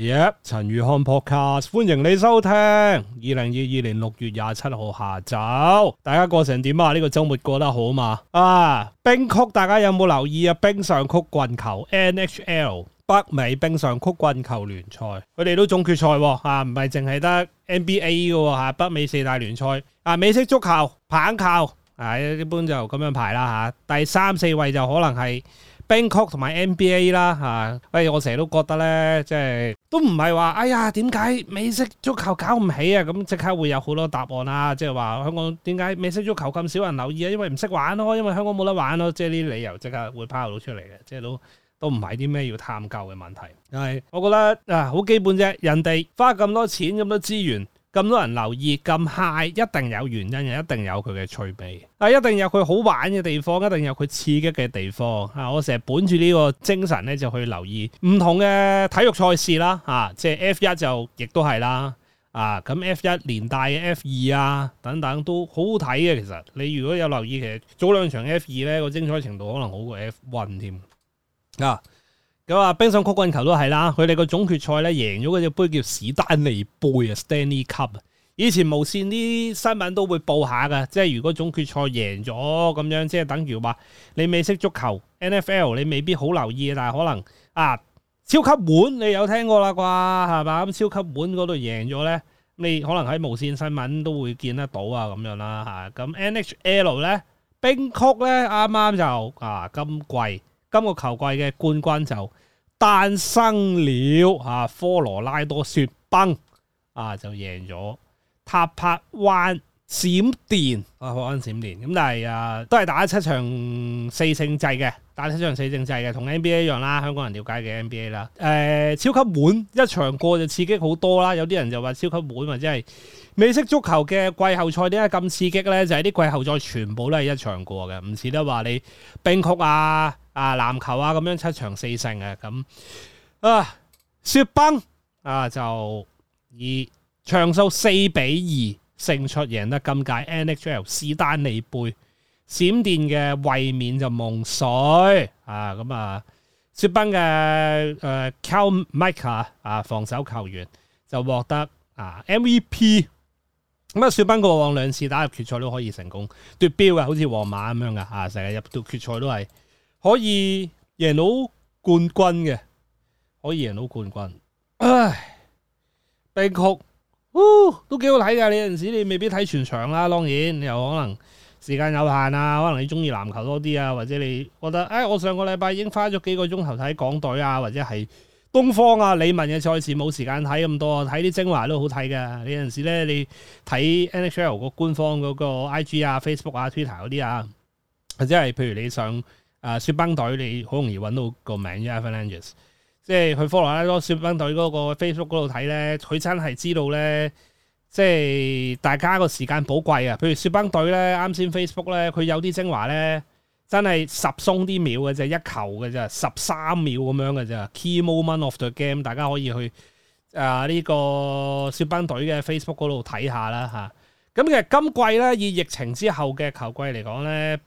耶！陳宇漢、yep, podcast，歡迎你收聽。二零二二年六月廿七號下晝，大家過成點啊？呢、這個周末過得好嘛？啊，冰曲大家有冇留意啊？冰上曲棍球 NHL 北美冰上曲棍球聯賽，佢哋都總決賽喎，唔係淨係得 NBA 噶吓，北美四大聯賽啊，美式足球、棒球啊，一般就咁樣排啦吓、啊。第三、四位就可能係。Bangkok 同埋 NBA 啦嚇，喂！我成日都覺得咧，即係都唔係話，哎呀點解美式足球搞唔起啊？咁即刻會有好多答案啦、啊，即係話香港點解美式足球咁少人留意啊？因為唔識玩咯、啊，因為香港冇得玩咯、啊，即係啲理由即刻會拋到出嚟嘅，即係都都唔係啲咩要探究嘅問題。係，我覺得啊，好基本啫，人哋花咁多錢咁多資源。咁多人留意咁嗨，一定有原因，又一定有佢嘅趣味，啊，一定有佢好玩嘅地方，一定有佢刺激嘅地方。啊，我成日本住呢個精神咧，就去留意唔同嘅體育賽事啦，即係 F 一就亦都係啦，啊，咁 F 一、啊、連帶嘅 F 二、啊等等都好好睇嘅。其實你如果有留意，其實早兩場 F 二咧，個精彩程度可能好過 F one 添，啊啊，冰上曲棍球都係啦，佢哋個總決賽咧，贏咗嗰隻杯叫史丹尼杯啊，Stanley Cup。以前無綫啲新聞都會報下噶，即係如果總決賽贏咗咁樣，即係等於話你未識足球 N F L，你未必好留意，但係可能啊，超級碗你有聽過啦啩，係嘛？咁超級碗嗰度贏咗咧，你可能喺無綫新聞都會見得到啊咁樣啦吓。咁 N H L 咧，冰曲咧啱啱就啊今季。今個球季嘅冠軍就誕生了，啊，科羅拉多雪崩啊就贏咗塔帕灣。閃電啊，好安閃電咁，但係、啊、都係打七場四勝制嘅，打七場四勝制嘅，同 NBA 一樣啦，香港人了解嘅 NBA 啦。誒、呃，超級碗一場過就刺激好多啦，有啲人就話超級碗或者係美式足球嘅季後賽點解咁刺激呢？就係、是、啲季後賽全部都係一場過嘅，唔似得話你冰曲啊啊籃球啊咁樣七場四勝嘅咁、嗯、啊，雪崩啊就以場數四比二。勝出贏得今屆 NHL 史丹利杯，閃電嘅衛冕就夢碎。啊！咁啊，雪崩嘅誒 Cale Makar 啊，防守球員就獲得啊 MVP。咁啊，雪崩過往兩次打入決賽都可以成功奪標嘅，好似皇馬咁樣噶啊，成日入到決賽都係可以贏到冠軍嘅，可以贏到冠，冠軍。唉，悲曲。哦，都幾好睇㗎！你有陣時你未必睇全場啦，當然，又可能時間有限啊，可能你鍾意籃球多啲啊，或者你覺得，誒、哎，我上個禮拜已經花咗幾個鐘頭睇港隊啊，或者係東方啊、李文嘅賽事，冇時間睇咁多，睇啲精華都好睇㗎。你有陣時咧，你睇 NHL 個官方嗰個 IG 啊、Facebook 啊、Twitter 嗰啲啊，或者係譬如你上誒雪崩隊，你好容易搵到個名嘅 Avengers 即係去科羅拉多雪崩隊嗰個 Facebook 嗰度睇咧，佢真係知道咧，即係大家個時間寶貴啊！譬如雪崩隊咧，啱先 Facebook 咧，佢有啲精華咧，真係十鬆啲秒嘅啫，一球嘅啫，十三秒咁樣嘅啫。Key moment of the game，大家可以去啊呢、呃這個雪崩隊嘅 Facebook 嗰度睇下啦、啊、吓。咁、啊、其實今季咧以疫情之後嘅球季嚟講咧，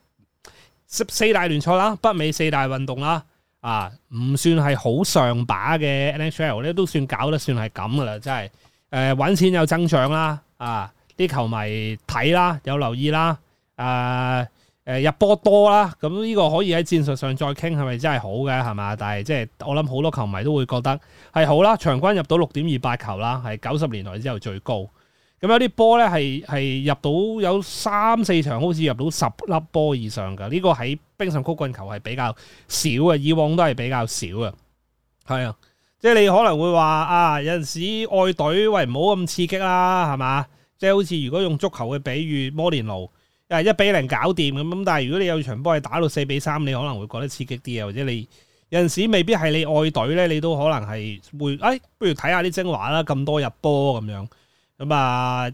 四大聯賽啦，北美四大運動啦。啊，唔算係好上把嘅，NHL 咧都算搞得算係咁噶啦，真係，誒揾錢有增長啦，啊啲球迷睇啦，有留意啦，誒、啊、入波多啦，咁呢個可以喺戰術上再傾係咪真係好嘅係嘛？但係即係我諗好多球迷都會覺得係好啦，場均入到六點二八球啦，係九十年代之後最高。咁、嗯、有啲波咧，係係入到有三四場，好似入到十粒波以上噶。呢、呢個喺冰上曲棍球係比較少嘅，以往都係比較少啊。係啊，即係你可能會話啊，有陣時愛隊喂唔好咁刺激啦，係嘛？即係好似如果用足球去比喻，摩連奴啊一比零搞掂咁，但係如果你有場波係打到四比三，你可能會覺得刺激啲啊。或者你有陣時未必係你愛隊咧，你都可能係會誒、哎，不如睇下啲精華啦，咁多入波咁樣。咁啊，誒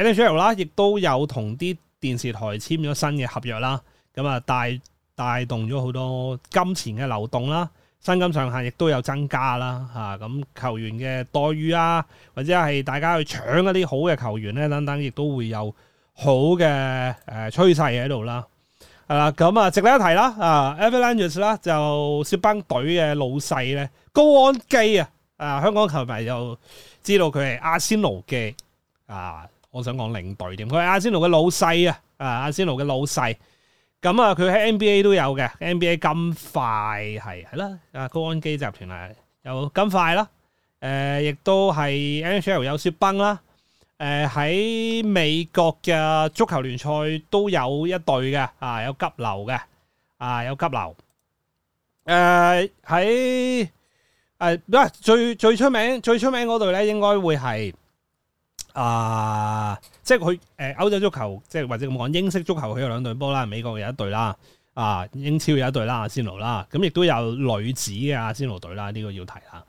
NHL 啦，亦都有同啲電視台簽咗新嘅合約啦，咁啊帶帶動咗好多金錢嘅流動啦，薪金上限亦都有增加啦，嚇咁球員嘅待遇啊，或者係大家去搶一啲好嘅球員咧，等等，亦都會有好嘅誒趨勢喺度啦，係啦，咁啊，值得一提啦，啊 Avalanche 啦，ers, 就雪崩隊嘅老細咧，高安基啊，啊，香港球迷就～知道佢係阿仙奴嘅啊，我想講領隊點，佢係阿仙奴嘅老細啊，啊阿仙奴嘅老細，咁啊佢喺 NBA 都有嘅，NBA 金塊係，係啦，啊高安基集團啊有金塊啦，誒亦都係 NHL 有雪崩啦，誒喺美國嘅足球聯賽都有一隊嘅，啊有急流嘅，啊有急流，誒喺。誒、啊，最最出名最出名嗰隊咧，應該會係啊，即係佢誒，歐洲足球即係或者咁講英式足球，佢有兩隊波啦，美國有一隊啦，啊，英超有一隊啦，阿、啊、仙奴啦，咁、啊、亦都有女子嘅阿、啊、仙奴隊啦，呢、這個要提啦。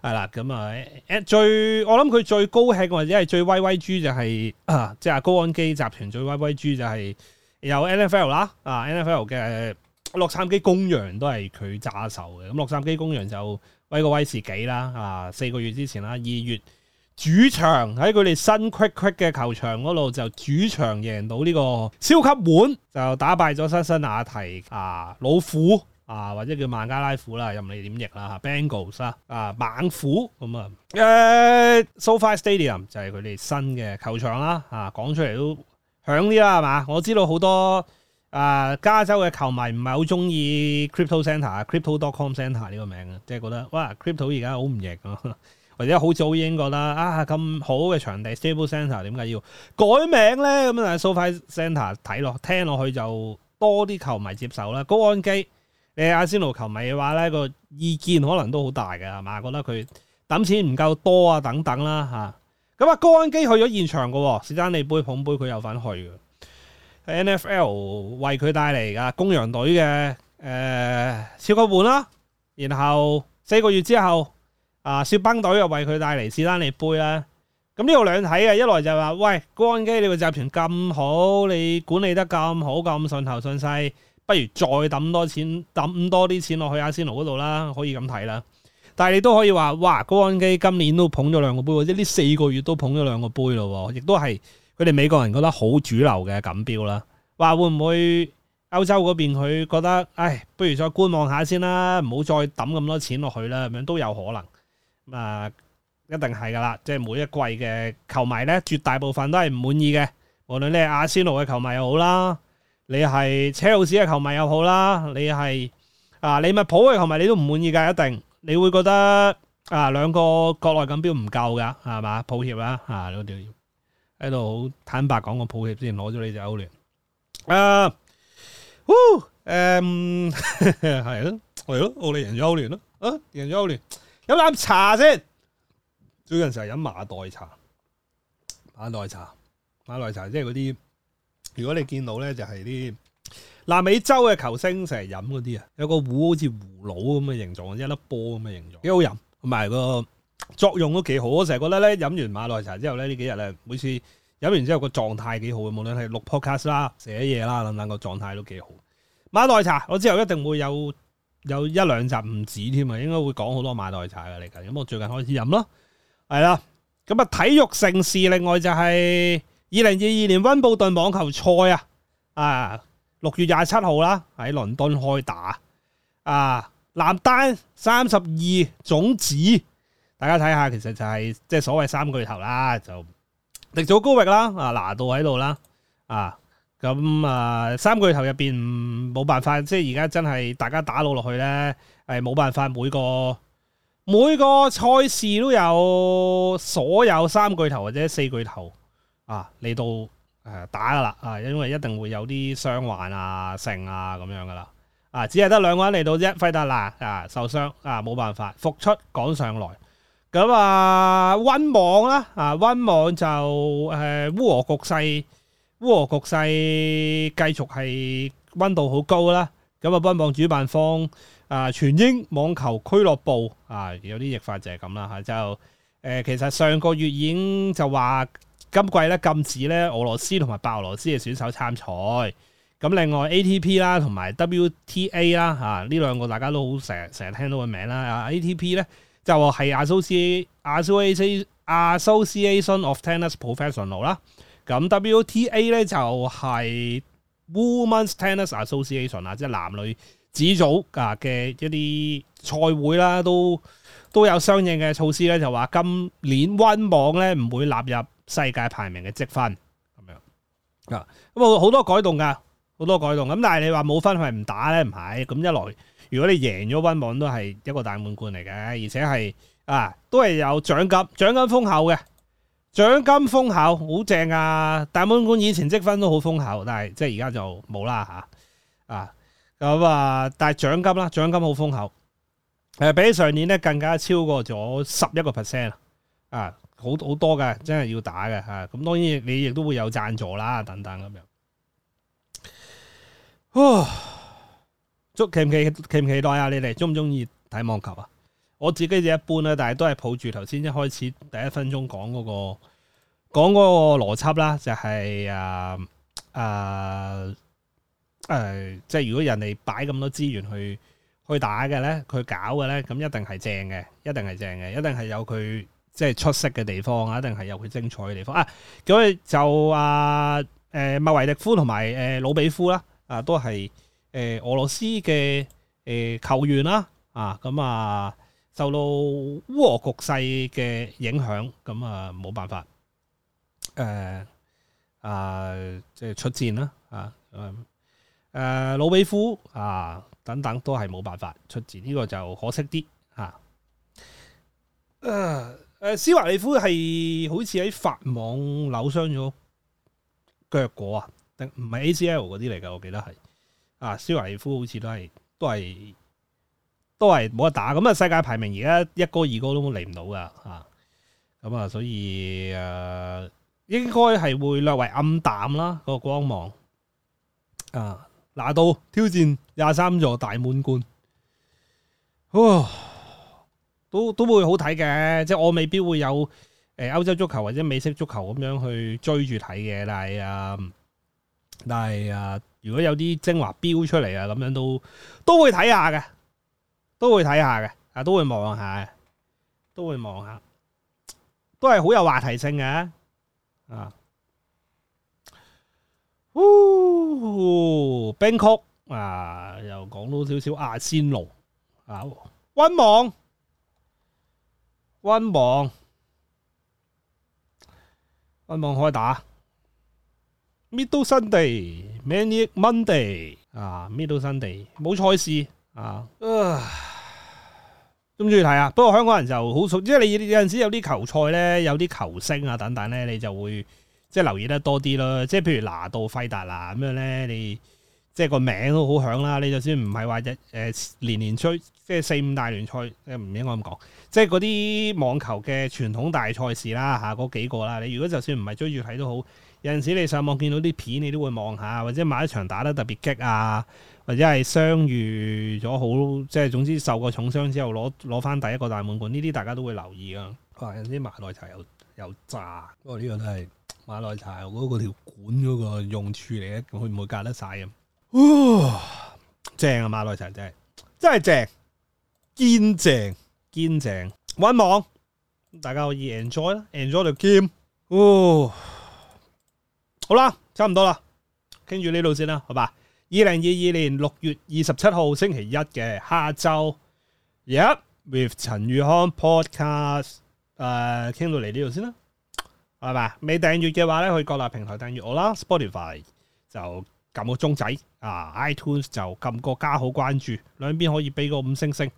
係啦，咁啊，啊，最我諗佢最高興或者係最威威豬就係、是、啊，即係阿高安基集團最威威豬就係有 NFL 啦、啊，啊 NFL 嘅洛杉磯公羊都係佢揸手嘅，咁洛杉磯公羊就。威個威士忌啦啊！四個月之前啦，二月主場喺佢哋新 quick quick 嘅球場嗰度就主場贏到呢個超級碗，就打敗咗辛辛那提啊老虎啊或者叫孟加拉虎啦，任你點譯啦吓 Bengals 啊，啊猛虎咁啊！誒、啊、，SoFi Stadium 就係佢哋新嘅球場啦啊，講出嚟，都響啲啦係嘛，我知道好多。啊！加州嘅球迷唔係好中意 Crypto Center、Crypto dot com Center 呢個名啊，即係覺得哇，Crypto 而家好唔型啊！或者好早已經覺得啊，咁好嘅場地 Stable Center 點解要改名咧？咁啊，SoFi Center 睇落聽落去就多啲球迷接受啦。高安基，你阿仙奴球迷嘅話咧，個意見可能都好大嘅係嘛？覺得佢抌錢唔夠多啊，等等啦吓咁啊，高安基去咗現場喎，士丹利杯捧杯佢有份去嘅。N F L 為佢帶嚟噶公羊隊嘅誒，超、呃、級碗啦、啊，然後四個月之後，啊，雪崩隊又為佢帶嚟士丹利杯啦、啊。咁呢度兩睇嘅，一來就話喂，高安基你個集團咁好，你管理得咁好，咁順頭順勢，不如再抌多錢抌多啲錢落去阿仙奴嗰度啦，可以咁睇啦。但係你都可以話，哇，高安基今年都捧咗兩個杯，即係呢四個月都捧咗兩個杯咯，亦都係。佢哋美國人覺得好主流嘅錦標啦，話會唔會歐洲嗰邊佢覺得，唉，不如再觀望下先啦，唔好再抌咁多錢落去啦，咁樣都有可能。啊，一定係噶啦，即係每一季嘅球迷咧，絕大部分都係唔滿意嘅。無論你係阿仙奴嘅球迷又好啦，你係車路士嘅球迷又好啦，你係啊，利物浦嘅球迷你都唔滿意嘅，一定。你會覺得啊，兩個國內錦標唔夠噶，係嘛？抱歉啦、啊，啊呢喺度坦白講，個抱歉之前攞咗你隻歐聯啊，哦，誒、uh,，係、um, 咯， 係咯，我哋贏咗歐聯咯，啊、uh,，贏咗歐聯，飲啖茶先。最近成日飲馬黛茶，馬黛茶，馬黛茶，即係嗰啲。如果你見到咧，就係啲南美洲嘅球星成日飲嗰啲啊，有個壺好似葫蘆咁嘅形狀，一粒波咁嘅形狀，幾好飲，同埋個。作用都幾好，我成日覺得咧飲完馬黛茶之後咧呢幾日咧，每次飲完之後個狀態幾好嘅，無論係錄 podcast 啦、寫嘢啦，諗諗個狀態都幾好。馬黛茶我之後一定會有有一兩集唔止添啊，應該會講好多馬黛茶嘅嚟嘅。咁我最近開始飲咯，係啦。咁啊，體育盛事，另外就係二零二二年溫布頓網球賽啊，啊六月廿七號啦，喺倫敦開打啊，男單三十二種子。大家睇下，其實就係即係所謂三巨頭啦，就迪祖高域啦，啊拿度喺度啦，啊咁啊三巨頭入邊冇辦法，即係而家真係大家打到落去咧，係冇辦法每個每個賽事都有所有三巨頭或者四巨頭啊嚟到打噶啦，啊，啊，啊因為一定會有啲傷患啊、成啊咁樣噶啦，啊只係得兩個人嚟到啫，費德拿啊受傷啊冇辦法復出趕上來。咁啊，溫網啦，啊溫網就誒，烏俄局勢，烏俄局勢繼續係溫度好高啦。咁啊，溫網主辦方啊，全英網球俱樂部啊，有啲譯法就係咁啦吓，就誒，其實上個月已經就話今季咧禁止咧俄羅斯同埋白俄羅斯嘅選手參賽。咁另外 ATP 啦，同埋 WTA 啦，吓呢兩個大家都好成成日聽到嘅名啦。啊 ATP 咧。就係 As Association of Tennis Professional 啦，咁 WTA 咧就係 Women's Tennis Association 啊，即係男女子組啊嘅一啲賽會啦，都都有相應嘅措施咧，就話今年溫網咧唔會納入世界排名嘅積分咁樣啊，咁啊好多改動噶，好多改動，咁但係你話冇分係唔打咧，唔係，咁一來。如果你贏咗温網都係一個大滿貫嚟嘅，而且係啊，都係有獎金，獎金豐厚嘅，獎金豐厚好正啊！大滿貫以前積分都好豐厚，但係即係而家就冇啦嚇啊咁啊，啊！但係獎金啦，獎金好豐厚，誒、啊、比上年咧更加超過咗十一個 percent 啊，好好多嘅，真係要打嘅嚇。咁、啊、當然你亦都會有贊助啦，等等咁樣。呃期唔期期唔期待啊！你哋中唔中意睇網球啊？我自己就一般啦，但係都係抱住頭先一開始第一分鐘講嗰個講嗰個邏輯啦，就係誒誒誒，即係如果人哋擺咁多資源去去打嘅咧，佢搞嘅咧，咁一定係正嘅，一定係正嘅，一定係有佢即係出色嘅地方啊，一定係有佢精彩嘅地方啊！咁就啊誒、呃，麥維迪夫同埋誒魯比夫啦、啊，啊都係。誒，俄羅斯嘅誒球員啦，啊咁啊，受到烏俄局勢嘅影響，咁啊冇辦法，誒啊即係出戰啦，啊誒誒，魯比夫啊等等都係冇辦法出戰，呢、啊啊啊這個就可惜啲吓。誒、啊、誒、啊，斯華里夫係好似喺法網扭傷咗腳果啊，唔係 ACL 嗰啲嚟噶，我記得係。啊，斯維夫好似都係都係都係冇得打咁啊！世界排名而家一哥二哥都嚟唔到噶吓，咁啊，所以誒、啊，應該係會略為暗淡啦，嗰、那個光芒啊，拿到挑戰廿三座大滿貫，哇，都都會好睇嘅，即係我未必會有誒歐洲足球或者美式足球咁樣去追住睇嘅，但係啊，但係啊。如果有啲精華飆出嚟啊，咁樣都都會睇下嘅，都會睇下嘅，啊都會望下，下，都會望下，都係好有話題性嘅，啊，啊，嗚，冰曲啊，又講到少少阿仙奴，好溫網溫網溫網開打。Middle Sunday, Manic Monday 啊，Middle Sunday 冇賽事啊，中唔中意睇啊？不過香港人就好熟，即係你有陣時有啲球賽咧，有啲球星啊等等咧，你就會即係留意得多啲咯。即係譬如拿度費達啦咁樣咧，你即係個名都好響啦。你就算唔係話日誒年年追，即係四五大聯賽，唔應該咁講。即係嗰啲網球嘅傳統大賽事啦，吓嗰幾個啦。你如果就算唔係追住睇都好。有陣時你上網見到啲片，你都會望下，或者某一場打得特別激啊，或者係傷癒咗好，即係總之受過重傷之後攞攞翻第一個大滿貫，呢啲大家都會留意噶。有啲馬內茶又又炸，不過呢個都係馬內茶嗰個條管嗰個用處嚟嘅。會唔會隔得晒啊？哇、呃！正啊，馬內茶真係真係正，堅正堅正。溫網，大家可以 enjoy 啦，enjoy 條 game。好啦，差唔多啦，傾住呢度先啦，好吧？二零二二年六月二十七號星期一嘅下晝，一、yep, with 陳宇康 podcast 誒、呃，傾到嚟呢度先啦，係咪？未訂閱嘅話咧，去各大平台訂閱我啦。Spotify 就撳個鐘仔，啊，iTunes 就撳個加號關注，兩邊可以俾個五星星。誒、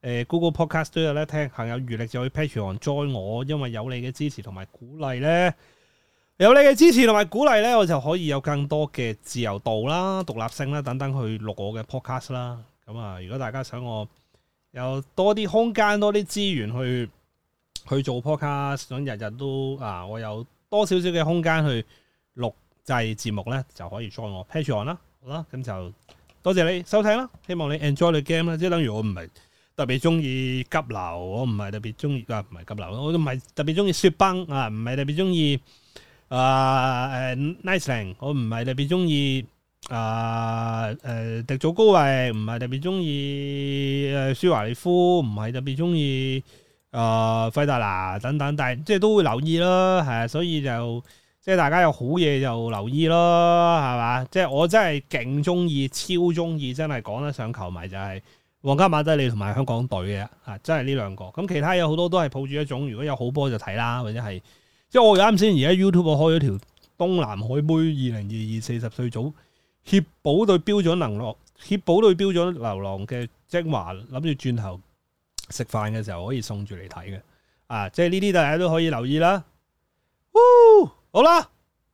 呃，Google Podcast 都有得聽，行有餘力就去 Patreon join 我，因為有你嘅支持同埋鼓勵咧。有你嘅支持同埋鼓勵咧，我就可以有更多嘅自由度啦，獨立性啦等等去錄我嘅 podcast 啦。咁啊，如果大家想我有多啲空間，多啲資源去去做 podcast，想日日都啊，我有多少少嘅空間去錄製節目咧，就可以 join 我 Patreon 啦，好啦，咁就多謝你收聽啦。希望你 enjoy 你 game 啦，即係等於我唔係特別中意急流，我唔係特別中意啊，唔係急流，我都唔係特別中意雪崩啊，唔係特別中意。啊，誒、uh, uh, Niceley，我唔係特別中意，啊，誒，迪祖高維，唔係特別中意，誒、uh,，舒華利夫，唔係特別中意，啊，費達拿等等，但即係都會留意咯，係，所以就即係大家有好嘢就留意咯，係嘛？即係我真係勁中意，超中意，真係講得上球迷就係皇家馬德里同埋香港隊嘅，啊，真係呢兩個。咁其他有好多都係抱住一種，如果有好波就睇啦，或者係。因為我啱先而家 YouTube 我開咗條東南海妹二零二二四十歲組協保隊標準能落協保隊標準流浪嘅精華，諗住轉頭食飯嘅時候可以送住嚟睇嘅，啊，即係呢啲大家都可以留意啦。好啦，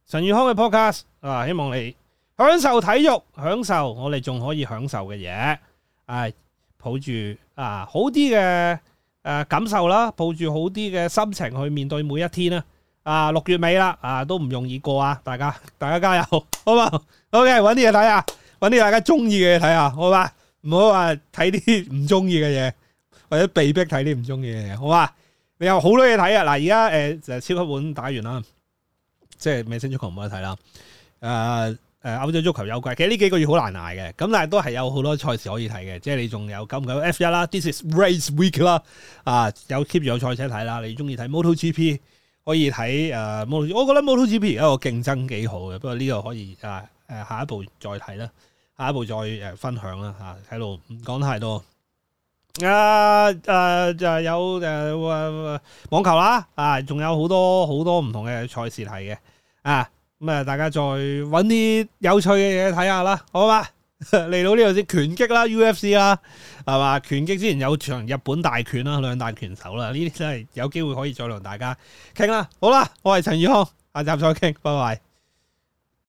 陳宇康嘅 Podcast 啊，希望你享受體育，享受我哋仲可以享受嘅嘢，係抱住啊好啲嘅誒感受啦，抱住好啲嘅心情去面對每一天啦。啊，六月尾啦，啊都唔容易過啊！大家，大家加油，好唔好？OK，搵啲嘢睇啊，搵啲大家中意嘅嘢睇啊，好嘛？唔好話睇啲唔中意嘅嘢，或者被逼睇啲唔中意嘅嘢，好嘛？你有好多嘢睇啊！嗱，而家誒就係超級碗打完啦，即係美式足球唔好睇啦。誒、呃、誒，歐、呃、洲足球有季，其實呢幾個月好難挨嘅，咁但係都係有好多賽事可以睇嘅。即係你仲有九唔九 F 一啦，This is Race Week 啦，啊有 keep 住有賽車睇啦，你中意睇 Moto G P。可以睇誒，我覺得 MotoGP 一個競爭幾好嘅，不過呢度可以誒誒下一步再睇啦，下一步再誒分享啦嚇，喺度，唔講太多。啊誒就係有誒誒、啊、網球啦，啊仲有好多好多唔同嘅賽事睇嘅，啊咁啊大家再揾啲有趣嘅嘢睇下啦，好嘛？嚟到呢度先拳擊啦 UFC 啦，係嘛？拳擊之前有場日本大拳啦，兩大拳手啦，呢啲真係有機會可以再同大家傾啦。好啦，我係陳宇康，下集再傾，拜拜。Bye.